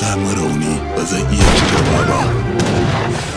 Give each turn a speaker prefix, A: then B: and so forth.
A: samu rauni ba zan iya ci gaba ba